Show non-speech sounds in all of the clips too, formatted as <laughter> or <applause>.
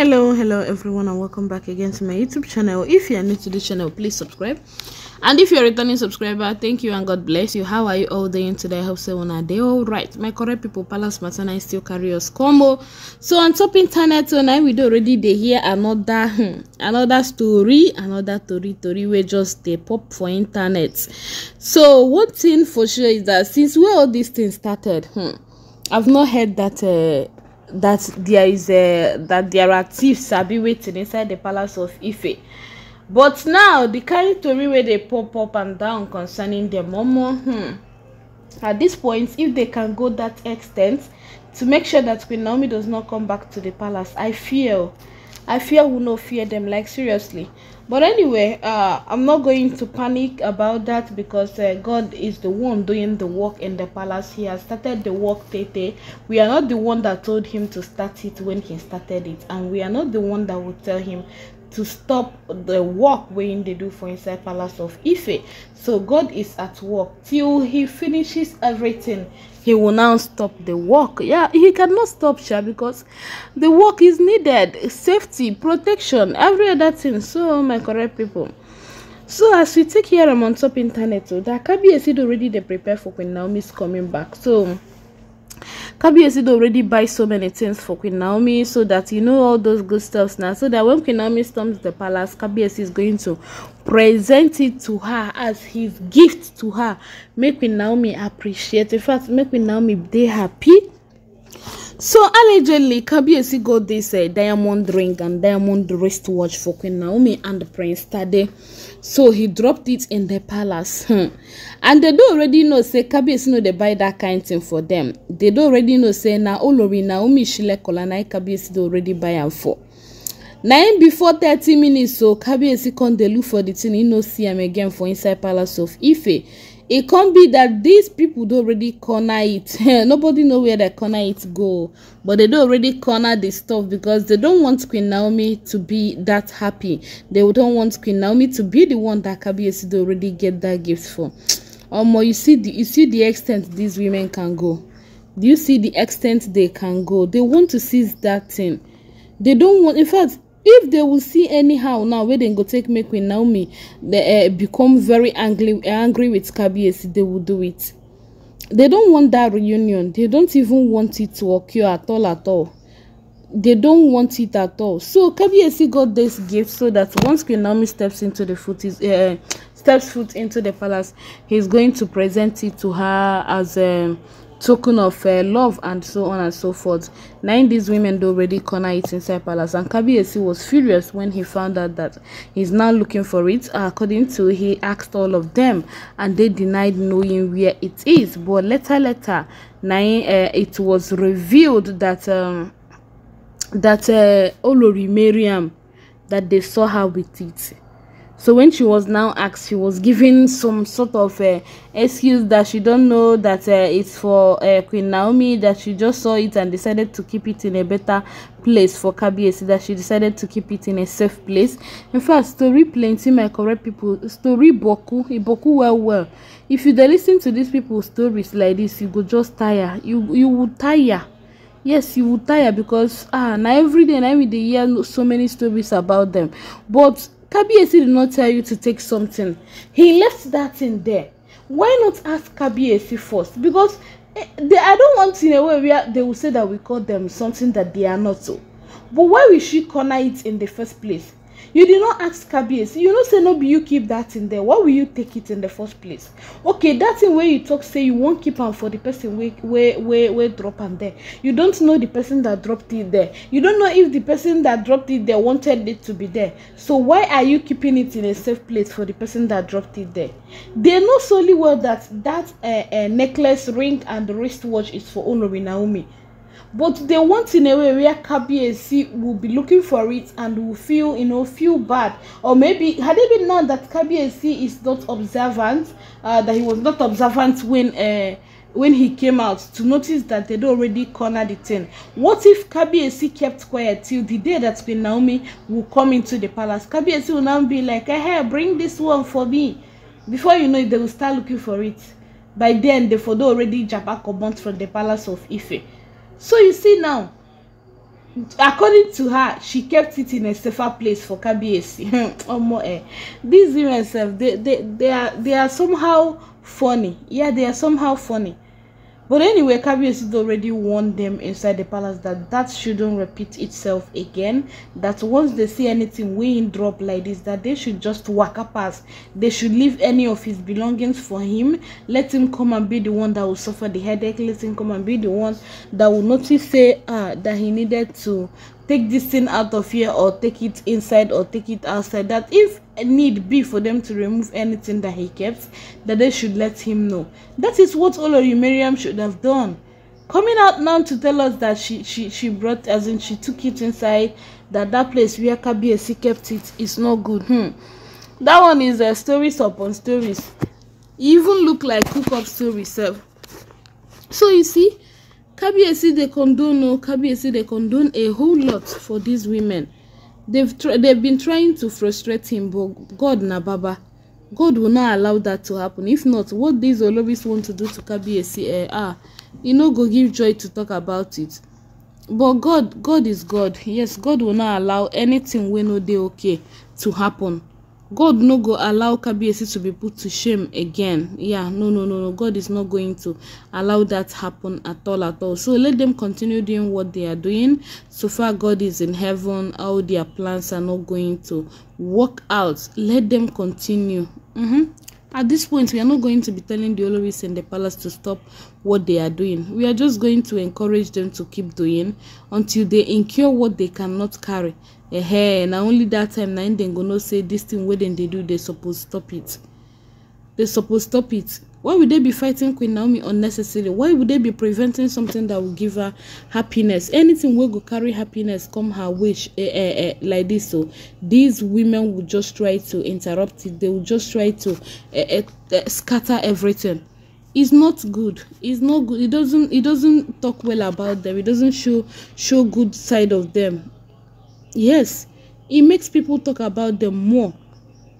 hello hello everyone and welcome back again to my youtube channel if you are new to the channel please subscribe and if you're a returning subscriber thank you and god bless you how are you all doing today i hope so on a day all right my correct people palace matana still carry us combo so on top internet tonight we do already they hear another hmm, another story another story story where just they pop for internet so one thing for sure is that since where all these things started hmm, I've not heard that uh, that there is a that there are thieves sabi waiting inside the palace of Ife but now the kind of tori wey dey pop up and down concerning dem omo hmm, at this point if they can go that extent to make sure that Queen Naomi does not come back to the palace I feel i fear will no fear them like seriously but anyway uh, i'm not going to panic about that because uh, god is the one doing the work in the palace he has started the work tete we are not the one that told him to start it when he started it and we are not the one that will tell him to stop the work wey they do for inside palace of ife so god is at work till he finishes everything he will now stop the work yeah he cannot stop sha because the work is needed safety protection every other thing so my correct people so as we take here am on top internet o so, that kabiyesi don already they prepare for Queen Naomi's coming back so Kabiyesi already buy so many things for Queen Naomi so that you know all those good stuffs now so that when Queen Naomi storms the palace Kabiyesi is going to present it to her as his gift to her make Queen Naomi appreciate in fact make Queen Naomi dey happy so allegedly kabiyesi got this uh, diamond ring and diamond wristwatch for queen naomi and prince tade so he dropped it in the palace <laughs> hmm. and they don already know say kabiyesi no dey buy that kind thing for them they don already know say na olori naomi shilekola na e kabiyesi dey already buy am for na him before thirty minutes so kabiyesi come dey look for the thing he no see am again for inside palace of ife It e come be that these people don't really corner it <laughs> eh, nobody know where they corner it go but they don't really corner the stuff because they don't want queen naomi to be that happy they don't want queen naomi to be the one that kabiyesi don already get that gift for <tsk> omo um, you see the you see the extent these women can go do you see the extent they can go they want to seize that thing they don't want in fact if they will see anyhow now wey they go take make with naomi they uh, eh, become very angry eh, angry with kabiyesi they will do it they don't want that reunion they don't even want it to occur at all at all they don't want it at all so kabiyesi got this gift so that once queen naomi steps into the foot is uh, steps foot into the palace he's going to present it to her as um, token of uh, love and so on and so forth. Nine these women already corner it inside palace, and Kabiyesi was furious when he found out that he's now looking for it. Ah, according to he asked all of them, and they denied knowing where it is. But later, later, nine uh, it was revealed that um, that uh, Olori Mariam that they saw her with it. So when she was now asked, she was given some sort of uh, excuse that she don't know that uh, it's for uh, Queen Naomi, that she just saw it and decided to keep it in a better place for Kabiyesi, that she decided to keep it in a safe place. In fact, story plenty, my correct people, story boku, iboku e well well. If you dey listen to these people's stories like this, you go just tire. You you would tire. yes you would tire because ah na every day na we dey hear so many stories about them but Kabiesi did not tell you to take something. He left that in there. Why not ask Kabiesi first? Because eh, they, I don't want in a way where they will say that we call them something that they are not so. But why will she corner it in the first place? you did not ask kabiyesi you know say no be you keep that thing there why will you take it in the first place okay that thing wey you talk say you wan keep am for the person wey wey wey wey drop am there you don't know the person that dropped it there you don't know if the person that dropped it there wanted it to be there so why are you keeping it in a safe place for the person that dropped it there they know solely well that that uh, uh, necklace ring and wristwatch is for olori naomi but they want in a way where Kabiyesi will be looking for it and will feel you know feel bad or maybe had it been known that Kabiyesi is not observant uh, that he was not observant when uh, when he came out to notice that they'd already cornered the thing. What if Kabiyesi kept quiet till the day that Queen Naomi will come into the palace? Kabiyesi will now be like, hey, bring this one for me. Before you know it, they will start looking for it. By then, they for already japa comot from the palace of Ife so you see now according to her she kept it in a safer place for kbac omo eh these women they they they are they are somehow funny yeah they are somehow funny But anyway, Kabius had already warned them inside the palace that that shouldn't repeat itself again. That once they see anything weighing drop like this, that they should just waka past. They should leave any of his belongings for him. Let him come and be the one that will suffer the headache. Let him come and be the one that will notice say ah, that he needed to take this thing out of here or take it inside or take it outside that if need be for them to remove anything that he kept that they should let him know that is what olori mariam should have done coming out now to tell us that she she she brought as in she took it inside that that place where kabiesi kept it is not good hmm that one is uh, stories upon stories even look like cook up story sef so you see Kabiyesi they condone no Kabiyesi they condone a whole lot for these women they've tr they've been trying to frustrate him but God na baba God will not allow that to happen if not what these Olobis want to do to Kabiyesi eh, ah e no go give joy to talk about it but God God is God yes God will not allow anything wey no dey okay to happen God no go allow Kabiesi to be put to shame again. Yeah, no, no, no, no. God is not going to allow that happen at all, at all. So let them continue doing what they are doing. So far, God is in heaven. All their plans are not going to work out. Let them continue. Mm-hmm. At this point, we are not going to be telling the Oloris and the palace to stop what they are doing. We are just going to encourage them to keep doing until they incur what they cannot carry. Eh, hey, na only that time na dem go know say this thing wey dem dey do They suppose stop it. They suppose stop it. Why would they be fighting Queen Naomi unnecessarily? Why would they be preventing something that will give her happiness? Anything will go carry happiness come her wish eh, eh, eh, like this. So these women will just try to interrupt it. They will just try to eh, eh, eh, scatter everything. It's not good. It's not good. It doesn't. It doesn't talk well about them. It doesn't show show good side of them. Yes, it makes people talk about them more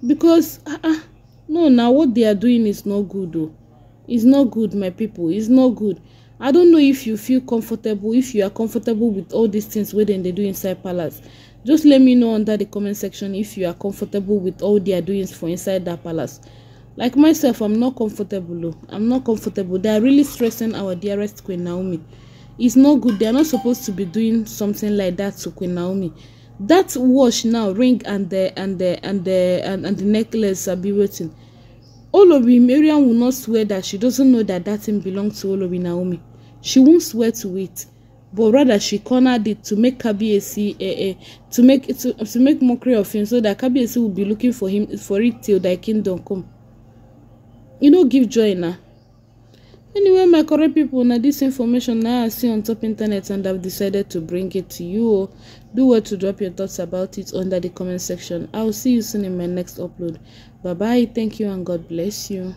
because. Uh, uh, no na what they are doing is not good oh! it's not good my people it's not good i don't know if you feel comfortable if you are comfortable with all these things wey they do inside palace just let me know under the comment section if you are comfortable with all they are doing for inside that palace like myself i'm not comfortable o oh. i'm not comfortable they are really stressing our dearest Queen Naomi it's not good they are not supposed to be doing something like that to Queen Naomi that watch now ring and the and the and the and, and the necklace are be waiting Olori Mariam will not swear that she doesn't know that that thing belongs to Olori Naomi she won't swear to it but rather she cornered it to make Kabiyesi uh, uh, to make to, to make mockery of him so that Kabiyesi will be looking for him for it till thy kingdom come you know, give joy na anyway my correct people, na this information na i see on top internet and i've decided to bring it to you do well to drop your thoughts about it under the comment section i'll see you soon in my next upload bye bye thank you and god bless you